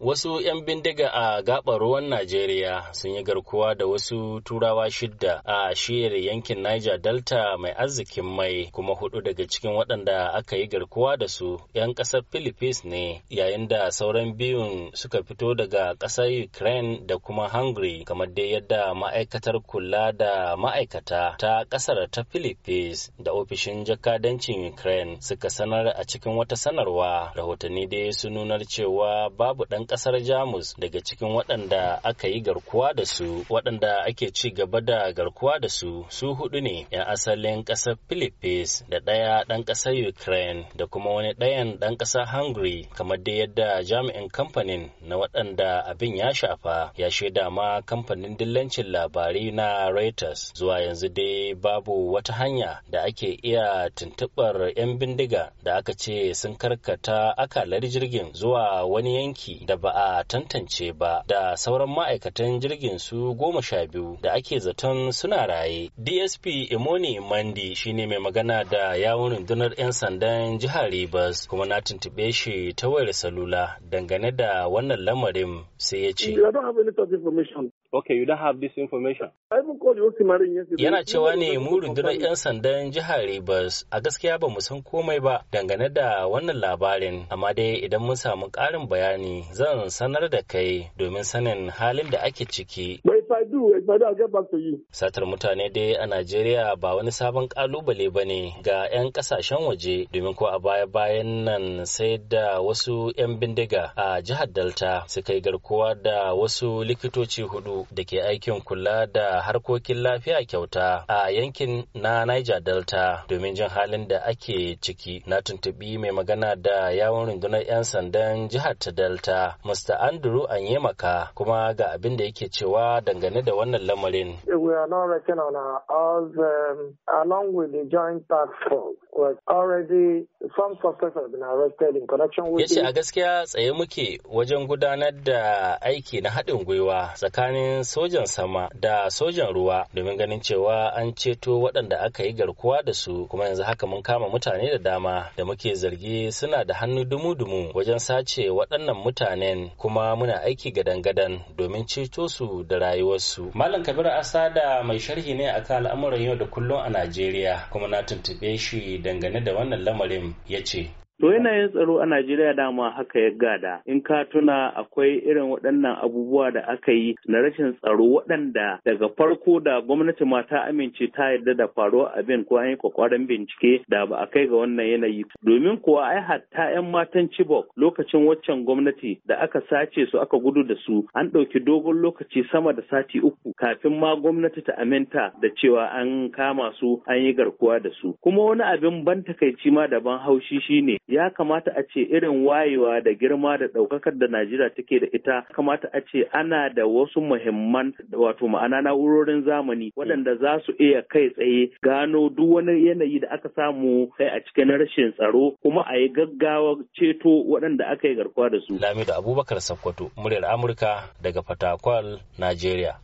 Wasu 'yan bindiga a gaɓar ruwan Najeriya sun yi garkuwa da wasu turawa shidda a shiyar yankin Niger Delta mai arzikin mai kuma hudu daga cikin waɗanda aka yi garkuwa da su 'yan ƙasar Philippines ne yayin da sauran biyun suka fito daga ƙasar Ukraine da kuma Hungary kamar dai yadda ma'aikatar kula da ma'aikata ta ƙasar ta Philippines da ofishin jakadancin Ukraine suka sanar a cikin wata sanarwa rahotanni dai su nunar cewa babu ɗan ƙasar Jamus daga cikin waɗanda aka yi garkuwa da su waɗanda ake ci gaba da garkuwa da su su hudu ne 'yan asalin ƙasar Philippines da ɗaya ɗan ƙasar Ukraine da kuma wani ɗayan ɗan ƙasar Hungary kamar dai yadda jami'in kamfanin na waɗanda abin ya shafa ya shaida ma kamfanin dillancin labarai na Reuters zuwa yanzu dai babu wata hanya da ake iya tuntuɓar 'yan bindiga da aka ce sun karkata akalar jirgin zuwa wani yanki da ba a tantance ba da sauran ma'aikatan jirgin su goma sha biyu da ake zaton suna raye. DSP Imoni Mandi shine mai magana da yawon rundunar 'yan sandan jihar Rivers kuma na tuntuɓe shi ta wayar salula dangane da wannan lamarin sai ya ce. Okay, you don't have this information. Yana cewa ne mu rundunar 'yan sandan jihar Rivers a gaskiya ba mu san komai ba dangane da wannan labarin, amma dai idan mun samu ƙarin bayani zan sanar da kai domin sanin halin da ake ciki. Satar mutane dai a Najeriya ba wani sabon kalubale ba ne ga 'yan kasashen waje domin ko a baya-bayan nan sai da wasu 'yan bindiga a jihar Delta suka yi garkuwa da wasu likitoci hudu da ke aikin kula da harkokin lafiya kyauta a yankin na Niger Delta domin jin halin da ake ciki na tuntubi mai magana da yawon rundunar 'yan sandan jihar ta Delta Mr. Andrew Anyemaka kuma ga abin da yake cewa dangane dangane da wannan lamarin. We are now reckoning on our ours, um, along with the joint task force. was already some suspects Yace a gaskiya tsaye muke wajen gudanar da aiki na haɗin gwiwa tsakanin sojan sama da sojan ruwa domin ganin cewa an ceto waɗanda aka yi garkuwa da su kuma yanzu haka mun kama mutane da dama da muke zargi suna da hannu dumu-dumu wajen sace waɗannan mutanen kuma muna aiki gadan-gadan domin ceto su da rayuwarsu. Malam Kabiru Asada mai sharhi ne akan al'amuran yau da kullum a Najeriya kuma na tuntuɓe shi da dangane da wannan lamarin ya ce To yanayin tsaro a Najeriya dama haka ya gada. In ka tuna akwai irin waɗannan abubuwa da aka yi na rashin tsaro waɗanda daga farko da gwamnati ma ta amince ta yarda da faruwa abin ko an yi kwakwaran bincike da ba a kai ga wannan yanayi. Domin kuwa ai hatta 'yan matan Chibok lokacin waccan gwamnati da aka sace su aka gudu da su an ɗauki dogon lokaci sama da sati uku kafin ma gwamnati ta aminta da cewa an kama su an yi garkuwa da su. Kuma wani abin ban takaici ma daban haushi shine ya kamata a ce irin wayewa da girma da ɗaukakar da Najeriya take da ita kamata a ce ana da wasu muhimman wato ma'ana na'urorin zamani waɗanda za su iya kai tsaye gano duk wani yanayi da aka samu kai a cikin rashin tsaro kuma a yi gaggawa ceto waɗanda aka yi garkuwa da su. Lamidu, Abubakar Sakkwato, muryar Amurka daga Fatakwal, Najeriya.